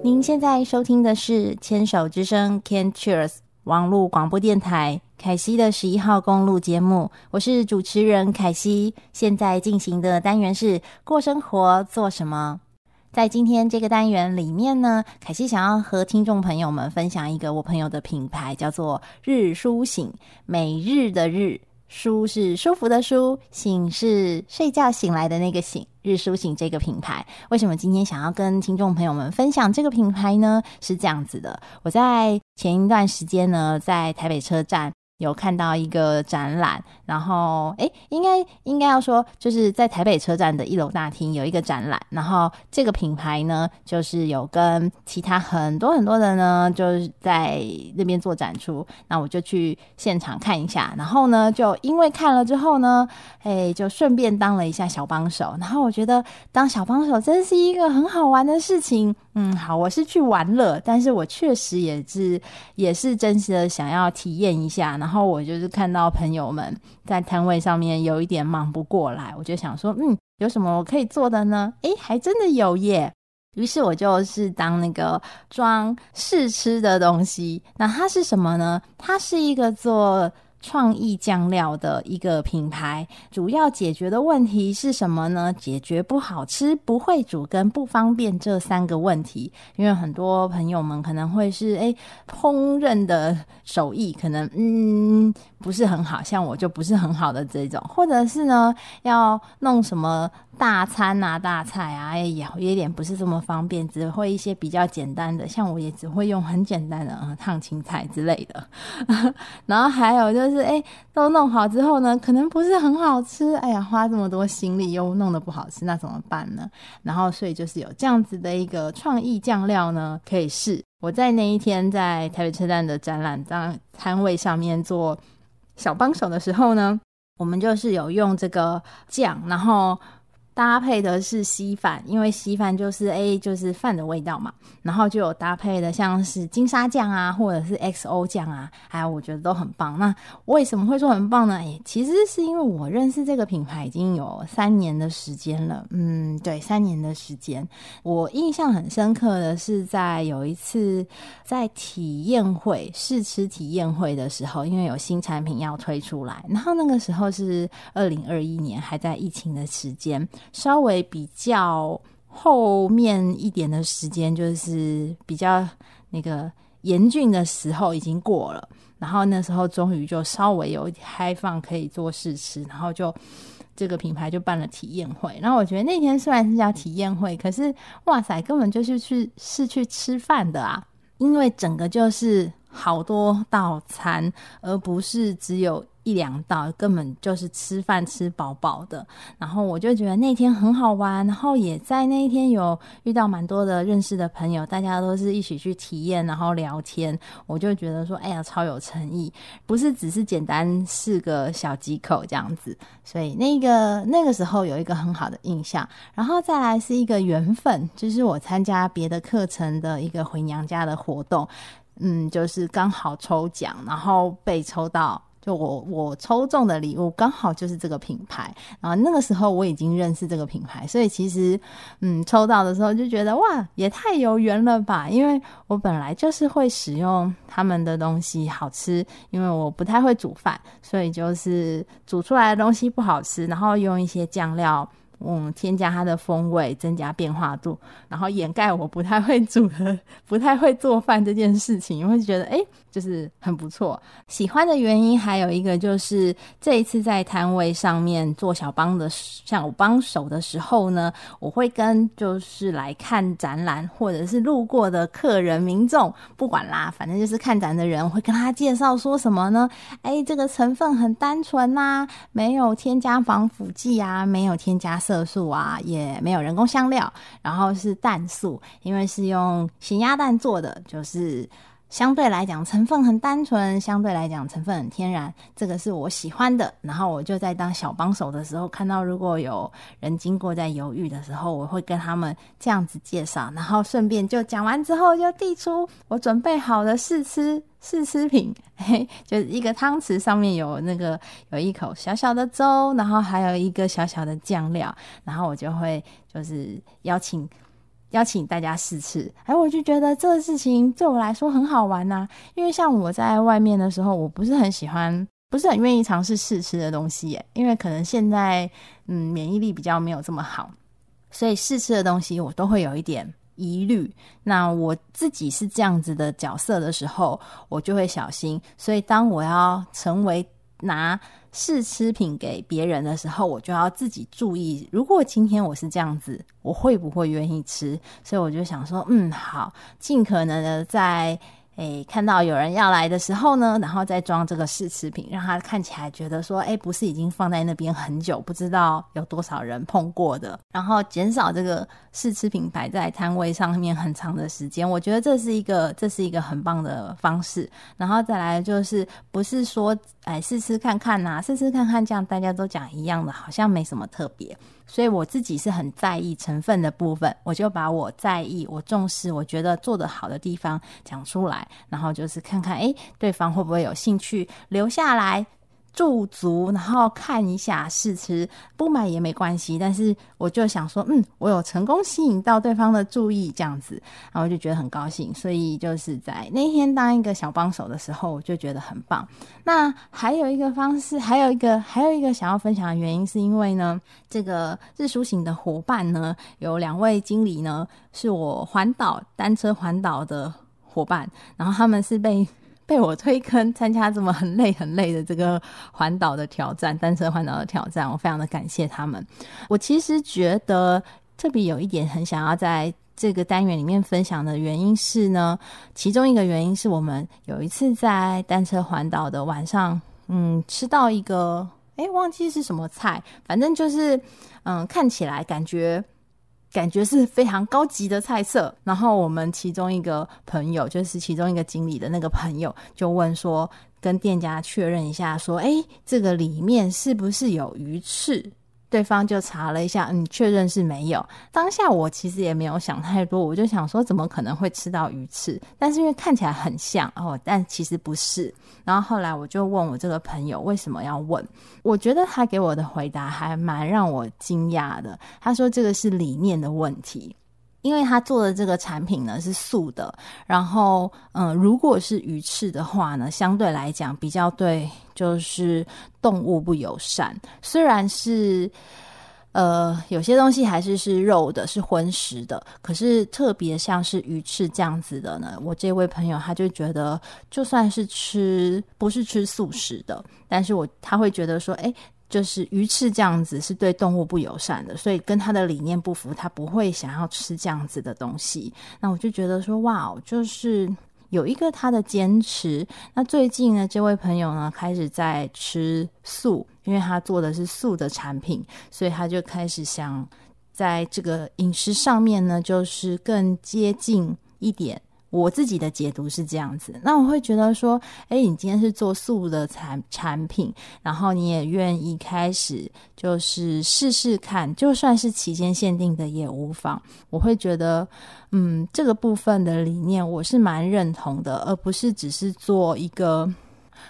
您現在收聽的是《牽手之聲》（Can Cheers） 網絡廣播電台凱西的十一號公路節目，我是主持人凱西。現在進行的單元是“過生活做什麼”。在今天這個單元裡面呢，凱西想要和聽眾朋友們分享一個我朋友的品牌，叫做“日舒醒”，每日的“日”。舒是舒服的舒，醒是睡覺醒來的那個醒，日舒醒這個品牌，為什麼今天想要跟聽眾朋友們分享這個品牌呢？是這樣子的，我在前一段時間呢，在台北車站。有看到一個展覽，然後哎、欸，應該應該要說，就是在台北車站的一樓大廳有一個展覽，然後這個品牌呢，就是有跟其他很多很多人呢，就是在那邊做展出。那我就去現場看一下，然後呢，就因為看了之後呢，哎、欸，就順便當了一下小幫手。然後我覺得當小幫手真是一個很好玩的事情。嗯，好，我是去玩樂，但是我確實也是也是真實的想要體驗一下。然後我就是看到朋友們在攤位上面有一點忙不過來，我就想說，嗯，有什麼我可以做的呢？誒，還真的有耶！於是我就是當那個裝試吃的東西。那它是什麼呢？它是一個做創意醬料的一個品牌，主要解決的問題是什麼呢？解決不好吃、不會煮、跟不方便這三個問題。因為很多朋友們可能會是，哎、欸，烹飪的手藝可能，嗯。不是很好，像我就不是很好的這種，或者是呢，要弄什麼大餐啊、大菜啊，哎呀，有一點不是這麼方便，只會一些比較簡單的，像我也只會用很簡單的，啊，燙青菜之類的。 然後還有就是，哎，都弄好之後呢，可能不是很好吃，哎呀，花這麼多心力又弄得不好吃，那怎麼辦呢？然後所以就是有這樣子的一個創意醬料呢，可以試。我在那一天在台北車站的展覽當攤位上面做。小幫手的時候呢，我們就是有用這個醬，然後。搭配的是稀飯，因為稀飯就是 A，就是飯的味道嘛。然後就有搭配的，像是金沙醬啊，或者是 XO 醬啊，還有、哎、我覺得都很棒。那為什麼會說很棒呢？哎，其實是因為我認識這個品牌已經有三年的時間了。嗯，對，三年的時間，我印象很深刻的是在有一次在體驗會試吃體驗會的時候，因為有新產品要推出來，然後那個時候是二零二一年，還在疫情的時間。稍微比較後面一點的時間，就是比較那個嚴峻的時候已經過了，然後那時候終於就稍微有開放可以做試吃，然後就這個品牌就辦了體驗會。然後我覺得那天雖然是叫體驗會，可是哇塞，根本就是去是去吃飯的啊，因為整個就是好多道餐，而不是只有一兩道根本就是吃飯吃飽飽的，然後我就覺得那天很好玩，然後也在那一天有遇到蠻多的認識的朋友，大家都是一起去體驗，然後聊天，我就覺得說，哎呀，超有誠意，不是只是簡單四個小幾口這樣子，所以那個那個時候有一個很好的印象，然後再來是一個緣分，就是我參加別的課程的一個回娘家的活動，嗯，就是剛好抽獎，然後被抽到。就我我抽中的禮物剛好就是這個品牌，然後那個時候我已經認識這個品牌，所以其實，嗯，抽到的時候就覺得哇，也太有緣了吧，因為我本來就是會使用他們的東西好吃，因為我不太會煮飯，所以就是煮出來的東西不好吃，然後用一些醬料。嗯，添加它的風味，增加變化度，然後掩蓋我不太會煮的、不太會做飯這件事情，因為覺得欸，就是很不錯。喜歡的原因還有一個就是，這一次在攤位上面做小幫的、小幫手的時候呢，我會跟就是來看展覽或者是路過的客人、民眾，不管啦，反正就是看展的人，我會跟他介紹說什麼呢？欸，這個成分很單純吶，沒有添加防腐劑啊，沒有添加。色素啊，也沒有人工香料，然後是蛋素，因為是用鹹鴨蛋做的，就是。相對來講，成分很單純；相對來講，成分很天然。這個是我喜歡的。然後我就在當小幫手的時候，看到如果有人經過在猶豫的時候，我會跟他們這樣子介紹，然後順便就講完之後，就遞出我準備好的試吃試吃品，嘿，就是一個湯匙上面有那個有一口小小的粥，然後還有一個小小的醬料，然後我就會就是邀請。邀請大家試吃，哎、欸，我就覺得這個事情對我來說很好玩吶、啊。因為像我在外面的時候，我不是很喜歡，不是很願意嘗試試吃的東西耶，因為可能現在嗯免疫力比較沒有這麼好，所以試吃的東西我都會有一點疑慮。那我自己是這樣子的角色的時候，我就會小心。所以當我要成為拿。試吃品給別人的時候，我就要自己注意。如果今天我是這樣子，我會不會願意吃？所以我就想說，嗯，好，盡可能的在。哎，看到有人要來的時候呢，然後再裝這個試吃品，讓他看起來覺得說，哎，不是已經放在那邊很久，不知道有多少人碰過的，然後減少這個試吃品擺在攤位上面很長的時間。我覺得這是一個，這是一個很棒的方式。然後再來就是，不是說哎，試吃看看吶，啊，試吃看看這樣，大家都講一樣的，好像沒什麼特別。所以我自己是很在意成分的部分，我就把我在意、我重視、我覺得做得好的地方講出來，然後就是看看，誒，對方會不會有興趣留下來。駐足，然後看一下試吃，不買也沒關係。但是我就想說，嗯，我有成功吸引到對方的注意，這樣子，然後我就覺得很高興。所以就是在那天當一個小幫手的時候，我就覺得很棒。那還有一個方式，還有一個，還有一個想要分享的原因，是因為呢，這個日舒醒的夥伴呢，有兩位經理呢，是我環島單車環島的夥伴，然後他們是被。被我推坑，參加這麼很累很累的這個環島的挑戰，單車環島的挑戰，我非常的感謝他們。我其實覺得特別有一點很想要在這個單元裡面分享的原因是呢，其中一個原因是我們有一次在單車環島的晚上，嗯，吃到一個誒、欸，忘記是什麼菜，反正就是，嗯，看起來感覺。感覺是非常高級的菜色，然後我們其中一個朋友，就是其中一個經理的那個朋友，就問說，跟店家確認一下，說，哎、欸，這個裡面是不是有魚翅？對方就查了一下，嗯，確認是沒有。當下我其實也沒有想太多，我就想說，怎麼可能會吃到魚翅？但是因為看起來很像哦，但其實不是。然後後來我就問我這個朋友為什麼要問，我覺得他給我的回答還蠻讓我驚訝的。他說這個是理念的問題。因為他做的這個產品呢，是素的，然後嗯、呃，如果是魚翅的話呢，相對來講比較對，就是動物不友善。雖然是呃有些東西還是是肉的，是葷食的，可是特別像是魚翅這樣子的呢，我這位朋友他就覺得就算是吃不是吃素食的，但是我他會覺得說，哎。就是魚翅這樣子是對動物不友善的，所以跟他的理念不符，他不會想要吃這樣子的東西。那我就覺得說，哇，就是有一個他的堅持。那最近呢，這位朋友呢開始在吃素，因為他做的是素的產品，所以他就開始想在這個飲食上面呢，就是更接近一點。我自己的解讀是這樣子，那我會覺得說，誒，你今天是做素的產產品，然後你也願意開始就是試試看，就算是期間限定的也無妨。我會覺得，嗯，這個部分的理念我是蠻認同的，而不是只是做一個，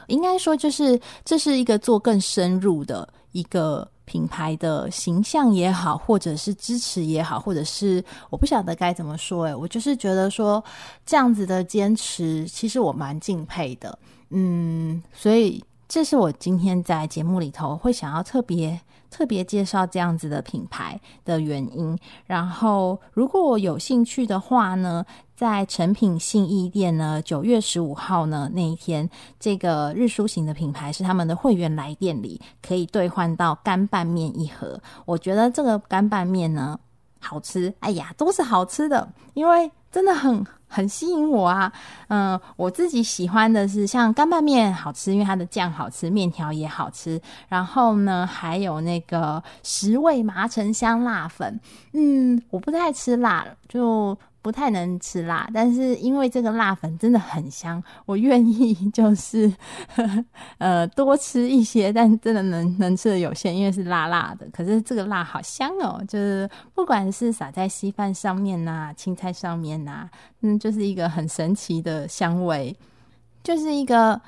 應該說就是，這是一個做更深入的一個。品牌的形象也好，或者是支持也好，或者是我不曉得該怎麼說、欸，誒，我就是覺得說這樣子的堅持，其實我蠻敬佩的，嗯，所以這是我今天在節目裡頭會想要特別特別介紹這樣子的品牌的原因。然後，如果我有興趣的話呢？在誠品信義店呢，九月十五號呢，那一天，這個日舒醒的品牌是他們的會員來店裡可以兌換到乾拌麵一盒。我覺得這個乾拌麵呢好吃，哎呀，都是好吃的，因為真的很很吸引我啊。嗯，我自己喜歡的是像乾拌麵好吃，因為它的醬好吃，麵條也好吃。然後呢，還有那個十味麻城香辣粉，嗯，我不太愛吃辣了，就。不太能吃辣，但是因為這個辣粉真的很香，我願意就是呵呵呃多吃一些，但真的能能吃的有限，因為是辣辣的。可是這個辣好香哦，就是不管是撒在稀飯上面吶、啊、青菜上面吶、啊嗯，就是一個很神奇的香味，就是一個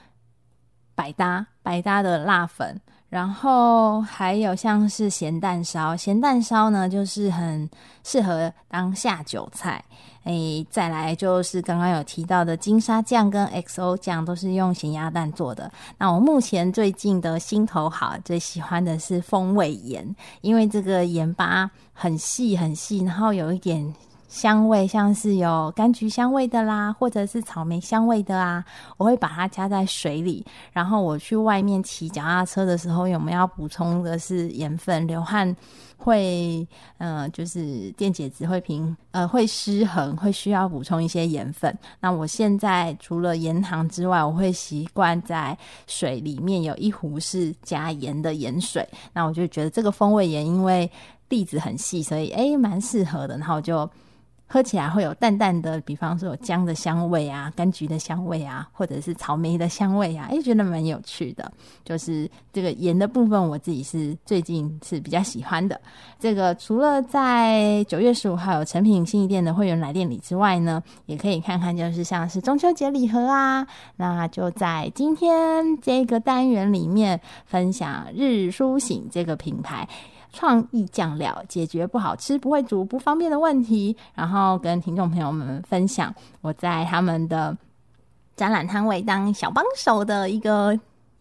百搭百搭的辣粉。然後還有像是鹹蛋燒，鹹蛋燒呢就是很適合當下酒菜。哎、欸，再來就是剛剛有提到的金沙醬跟 XO 醬，都是用鹹鴨蛋做的。那我目前最近的心頭好，最喜歡的是風味鹽，因為這個鹽巴很細很細，然後有一點。香味像是有柑橘香味的啦，或者是草莓香味的啊。我會把它加在水裡，然後我去外面騎腳踏車的時候，有沒有要補充的是鹽分，流汗會，呃，就是電解質會平，呃，會失衡，會需要補充一些鹽分。那我現在除了鹽糖之外，我會習慣在水裡面有一壺是加鹽的鹽水。那我就覺得這個風味鹽，因為粒子很細，所以誒蠻適合的。然後就。喝起來會有淡淡的，比方說有薑的香味啊、柑橘的香味啊，或者是草莓的香味啊，誒、欸，覺得蠻有趣的。就是這個鹽的部分，我自己是最近是比較喜歡的。這個除了在九月十五號有誠品信義店的會員來店裡之外呢，也可以看看，就是像是中秋節禮盒啊。那就在今天這個單元裡面分享日舒醒這個品牌，創意醬料解決不好吃、不會煮、不方便的問題，然後跟聽眾朋友們分享我在他們的展覽攤位當小幫手的一個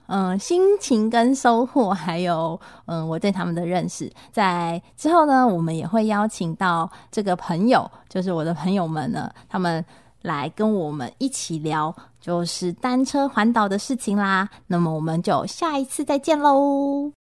嗯心情跟收穫，還有嗯我對他們的認識。在之後呢，我們也會邀請到這個朋友，就是我的朋友們呢，他們來跟我們一起聊就是單車環島的事情啦。那麼我們就下一次再見嘍。